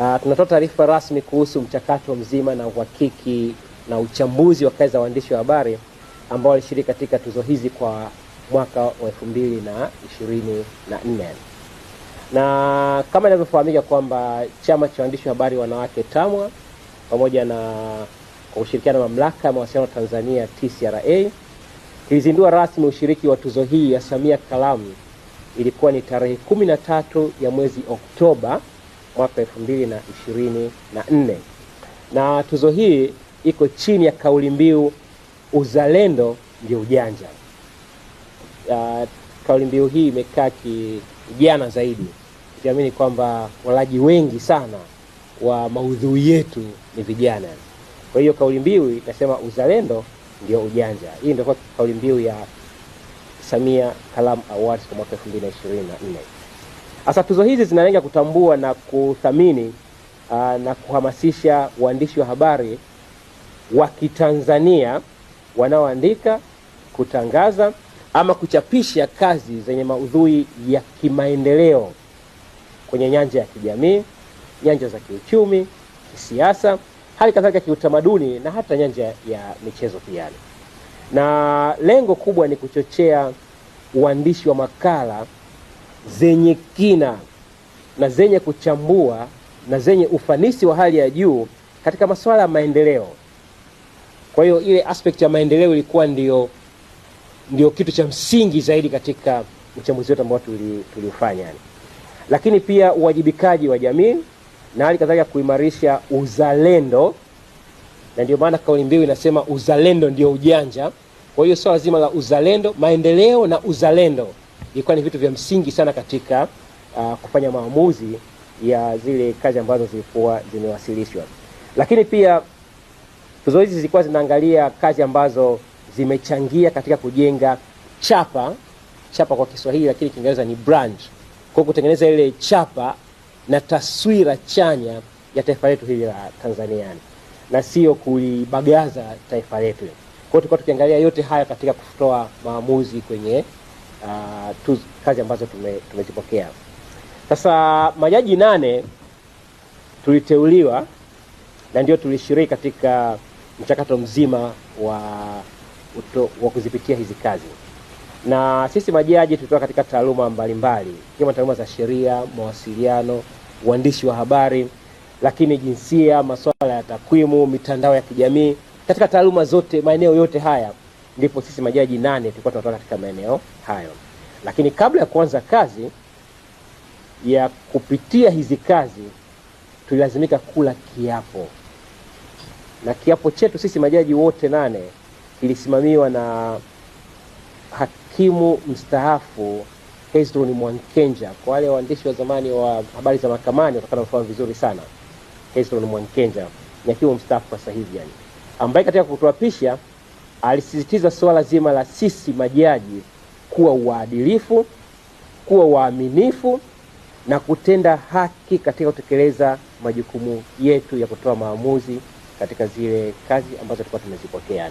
Uh, tunatoa taarifa rasmi kuhusu mchakato mzima na uhakiki na uchambuzi wa kazi za waandishi wa habari ambao walishiriki katika tuzo hizi kwa mwaka wa elfu mbili na ishirini na nne na kama inavyofahamika kwamba chama cha waandishi wa habari wanawake TAMWA pamoja na kwa ushirikiano na mamlaka ya mawasiliano Tanzania TCRA kilizindua rasmi ushiriki wa tuzo hii ya Samia Kalamu. Ilikuwa ni tarehe kumi na tatu ya mwezi Oktoba mwaka elfu mbili na ishirini na nne na tuzo hii iko chini ya kauli mbiu uzalendo ndio ujanja. Uh, kauli mbiu hii imekaa kijana zaidi, ikiamini kwamba walaji wengi sana wa maudhui yetu ni vijana. Kwa hiyo kauli mbiu inasema uzalendo ndio ujanja. Hii ndio kauli mbiu ya Samia kalam Awards kwa mwaka nne. Sasa tuzo hizi zinalenga kutambua na kuthamini uh, na kuhamasisha waandishi wa habari wa Kitanzania wanaoandika, kutangaza ama kuchapisha kazi zenye maudhui ya kimaendeleo kwenye nyanja ya kijamii, nyanja za kiuchumi, kisiasa, hali kadhalika kiutamaduni na hata nyanja ya michezo pia. Na lengo kubwa ni kuchochea uandishi wa makala zenye kina na zenye kuchambua na zenye ufanisi wa hali ya juu katika masuala ya maendeleo. Kwa hiyo ile aspect ya maendeleo ilikuwa ndio ndio kitu cha msingi zaidi katika uchambuzi wetu ambao tuliufanya yani. Lakini pia uwajibikaji wa jamii na hali kadhalika kuimarisha uzalendo, na ndio maana kauli mbiu inasema uzalendo ndio ujanja. Kwa hiyo swala so zima la uzalendo, maendeleo na uzalendo ilikuwa ni vitu vya msingi sana katika uh, kufanya maamuzi ya zile kazi ambazo zilikuwa zimewasilishwa. Lakini pia tuzo hizi zilikuwa zinaangalia kazi ambazo zimechangia katika kujenga chapa, chapa kwa Kiswahili lakini Kiingereza ni brand, kwa kutengeneza ile chapa na taswira chanya ya taifa letu hili la Tanzania na sio kulibagaza taifa letu. Kwa hiyo tulikuwa tukiangalia yote haya katika kutoa maamuzi kwenye uh, ah, tuz, kazi ambazo tumezipokea tume sasa majaji nane tuliteuliwa na ndio tulishiriki katika mchakato mzima wa, uto, wa kuzipitia hizi kazi na sisi majaji tulitoka katika taaluma mbalimbali ikiwemo taaluma za sheria, mawasiliano, uandishi wa habari, lakini jinsia, masuala ya takwimu, mitandao ya kijamii. Katika taaluma zote, maeneo yote haya ndipo sisi majaji nane tulikuwa tunatoka katika maeneo hayo. Lakini kabla ya kuanza kazi ya kupitia hizi kazi, tulilazimika kula kiapo, na kiapo chetu sisi majaji wote nane kilisimamiwa na hakimu mstaafu Hezron Mwankenja. Kwa wale waandishi wa zamani wa habari za mahakamani watakana kufahamu vizuri sana Hezron Mwankenja, ni hakimu mstaafu kwa sasa hivi yani, ambaye katika kutuapisha Alisisitiza suala zima la sisi majaji kuwa waadilifu, kuwa waaminifu na kutenda haki katika kutekeleza majukumu yetu ya kutoa maamuzi katika zile kazi ambazo tulikuwa tumezipokea